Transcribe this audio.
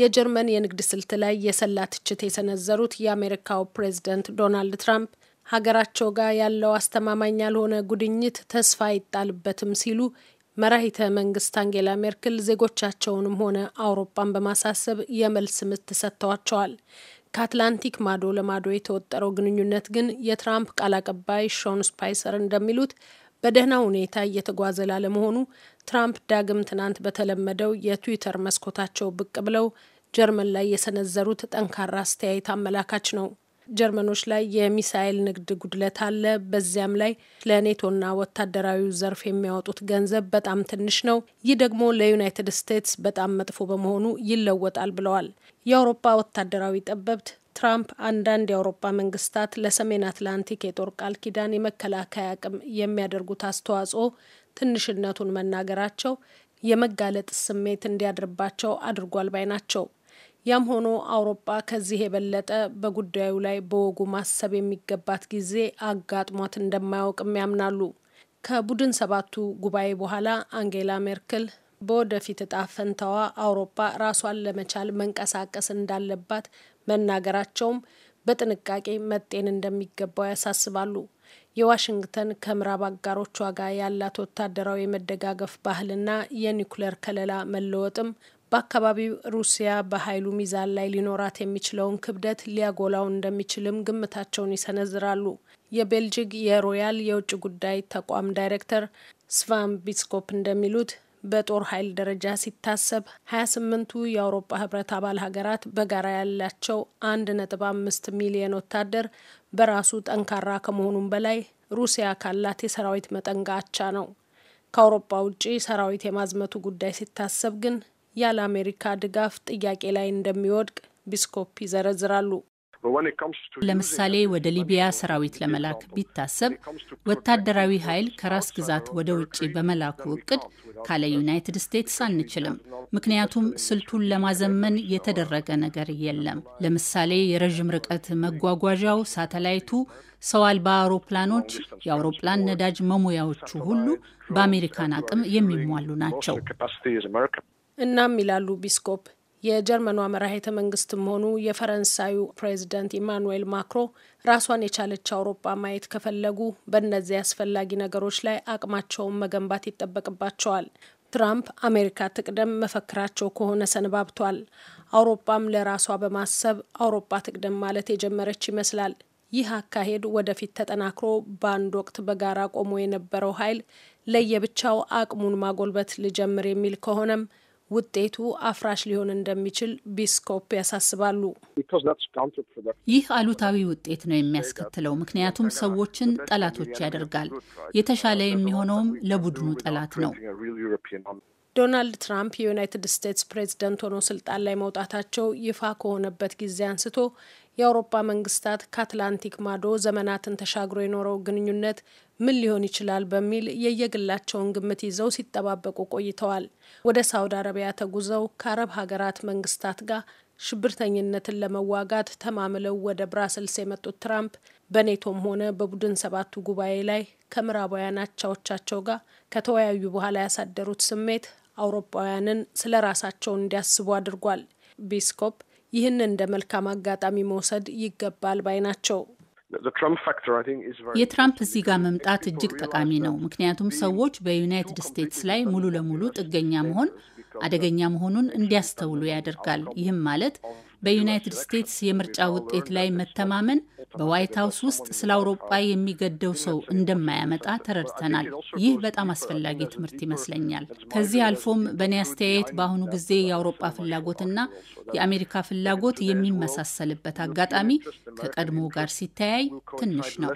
የጀርመን የንግድ ስልት ላይ የሰላ ትችት የሰነዘሩት የአሜሪካው ፕሬዝደንት ዶናልድ ትራምፕ ሀገራቸው ጋር ያለው አስተማማኝ ያልሆነ ጉድኝት ተስፋ አይጣልበትም ሲሉ መራሂተ መንግስት አንጌላ ሜርክል ዜጎቻቸውንም ሆነ አውሮፓን በማሳሰብ የመልስ ምት ሰጥተዋቸዋል። ከአትላንቲክ ማዶ ለማዶ የተወጠረው ግንኙነት ግን የትራምፕ ቃል አቀባይ ሾን ስፓይሰር እንደሚሉት በደህና ሁኔታ እየተጓዘ ላለመሆኑ ትራምፕ ዳግም ትናንት በተለመደው የትዊተር መስኮታቸው ብቅ ብለው ጀርመን ላይ የሰነዘሩት ጠንካራ አስተያየት አመላካች ነው። ጀርመኖች ላይ የሚሳኤል ንግድ ጉድለት አለ። በዚያም ላይ ለኔቶና ወታደራዊ ዘርፍ የሚያወጡት ገንዘብ በጣም ትንሽ ነው። ይህ ደግሞ ለዩናይትድ ስቴትስ በጣም መጥፎ በመሆኑ ይለወጣል ብለዋል የአውሮፓ ወታደራዊ ጠበብት። ትራምፕ አንዳንድ የአውሮፓ መንግስታት ለሰሜን አትላንቲክ የጦር ቃል ኪዳን የመከላከያ አቅም የሚያደርጉት አስተዋጽኦ ትንሽነቱን መናገራቸው የመጋለጥ ስሜት እንዲያድርባቸው አድርጓል ባይ ናቸው። ያም ሆኖ አውሮፓ ከዚህ የበለጠ በጉዳዩ ላይ በወጉ ማሰብ የሚገባት ጊዜ አጋጥሟት እንደማያውቅም ያምናሉ። ከቡድን ሰባቱ ጉባኤ በኋላ አንጌላ ሜርክል በወደፊት እጣ ፈንታዋ አውሮፓ ራሷን ለመቻል መንቀሳቀስ እንዳለባት መናገራቸውም በጥንቃቄ መጤን እንደሚገባው ያሳስባሉ። የዋሽንግተን ከምዕራብ አጋሮቿ ጋር ያላት ወታደራዊ የመደጋገፍ ባህልና የኒኩሌር ከለላ መለወጥም በአካባቢው ሩሲያ በኃይሉ ሚዛን ላይ ሊኖራት የሚችለውን ክብደት ሊያጎላው እንደሚችልም ግምታቸውን ይሰነዝራሉ። የቤልጂግ የሮያል የውጭ ጉዳይ ተቋም ዳይሬክተር ስቫን ቢስኮፕ እንደሚሉት በጦር ኃይል ደረጃ ሲታሰብ 28ቱ የአውሮፓ ህብረት አባል ሀገራት በጋራ ያላቸው አምስት ሚሊዮን ወታደር በራሱ ጠንካራ ከመሆኑም በላይ ሩሲያ ካላት የሰራዊት መጠን ጋቻ ነው። ከአውሮፓ ውጪ ሰራዊት የማዝመቱ ጉዳይ ሲታሰብ ግን ያለ አሜሪካ ድጋፍ ጥያቄ ላይ እንደሚወድቅ ቢስኮፕ ይዘረዝራሉ። ለምሳሌ ወደ ሊቢያ ሰራዊት ለመላክ ቢታሰብ ወታደራዊ ኃይል ከራስ ግዛት ወደ ውጭ በመላኩ እቅድ ካለ ዩናይትድ ስቴትስ አንችልም። ምክንያቱም ስልቱን ለማዘመን የተደረገ ነገር የለም። ለምሳሌ የረዥም ርቀት መጓጓዣው ሳተላይቱ፣ ሰው አልባ አውሮፕላኖች፣ የአውሮፕላን ነዳጅ መሙያዎቹ ሁሉ በአሜሪካን አቅም የሚሟሉ ናቸው። እናም ይላሉ ቢስኮፕ የጀርመኗ መራሄተ መንግስትም ሆኑ የፈረንሳዩ ፕሬዚደንት ኢማኑዌል ማክሮ ራሷን የቻለች አውሮፓ ማየት ከፈለጉ በእነዚህ አስፈላጊ ነገሮች ላይ አቅማቸውን መገንባት ይጠበቅባቸዋል። ትራምፕ አሜሪካ ትቅደም መፈክራቸው ከሆነ ሰንባብቷል። አውሮፓም ለራሷ በማሰብ አውሮፓ ትቅደም ማለት የጀመረች ይመስላል። ይህ አካሄድ ወደፊት ተጠናክሮ በአንድ ወቅት በጋራ ቆሞ የነበረው ኃይል ለየብቻው አቅሙን ማጎልበት ልጀምር የሚል ከሆነም ውጤቱ አፍራሽ ሊሆን እንደሚችል ቢስኮፕ ያሳስባሉ። ይህ አሉታዊ ውጤት ነው የሚያስከትለው፣ ምክንያቱም ሰዎችን ጠላቶች ያደርጋል። የተሻለ የሚሆነውም ለቡድኑ ጠላት ነው። ዶናልድ ትራምፕ የዩናይትድ ስቴትስ ፕሬዝደንት ሆኖ ስልጣን ላይ መውጣታቸው ይፋ ከሆነበት ጊዜ አንስቶ የአውሮፓ መንግስታት ከአትላንቲክ ማዶ ዘመናትን ተሻግሮ የኖረው ግንኙነት ምን ሊሆን ይችላል በሚል የየግላቸውን ግምት ይዘው ሲጠባበቁ ቆይተዋል። ወደ ሳውዲ አረቢያ ተጉዘው ከአረብ ሀገራት መንግስታት ጋር ሽብርተኝነትን ለመዋጋት ተማምለው ወደ ብራስልስ የመጡት ትራምፕ በኔቶም ሆነ በቡድን ሰባቱ ጉባኤ ላይ ከምዕራባውያን አቻዎቻቸው ጋር ከተወያዩ በኋላ ያሳደሩት ስሜት አውሮፓውያንን ስለ ራሳቸው እንዲያስቡ አድርጓል። ቢስኮፕ ይህን እንደ መልካም አጋጣሚ መውሰድ ይገባል ባይ ናቸው። የትራምፕ እዚህ ጋር መምጣት እጅግ ጠቃሚ ነው። ምክንያቱም ሰዎች በዩናይትድ ስቴትስ ላይ ሙሉ ለሙሉ ጥገኛ መሆን አደገኛ መሆኑን እንዲያስተውሉ ያደርጋል። ይህም ማለት በዩናይትድ ስቴትስ የምርጫ ውጤት ላይ መተማመን በዋይት ሀውስ ውስጥ ስለ አውሮጳ የሚገደው ሰው እንደማያመጣ ተረድተናል። ይህ በጣም አስፈላጊ ትምህርት ይመስለኛል። ከዚህ አልፎም በእኔ አስተያየት በአሁኑ ጊዜ የአውሮጳ ፍላጎትና የአሜሪካ ፍላጎት የሚመሳሰልበት አጋጣሚ ከቀድሞ ጋር ሲተያይ ትንሽ ነው።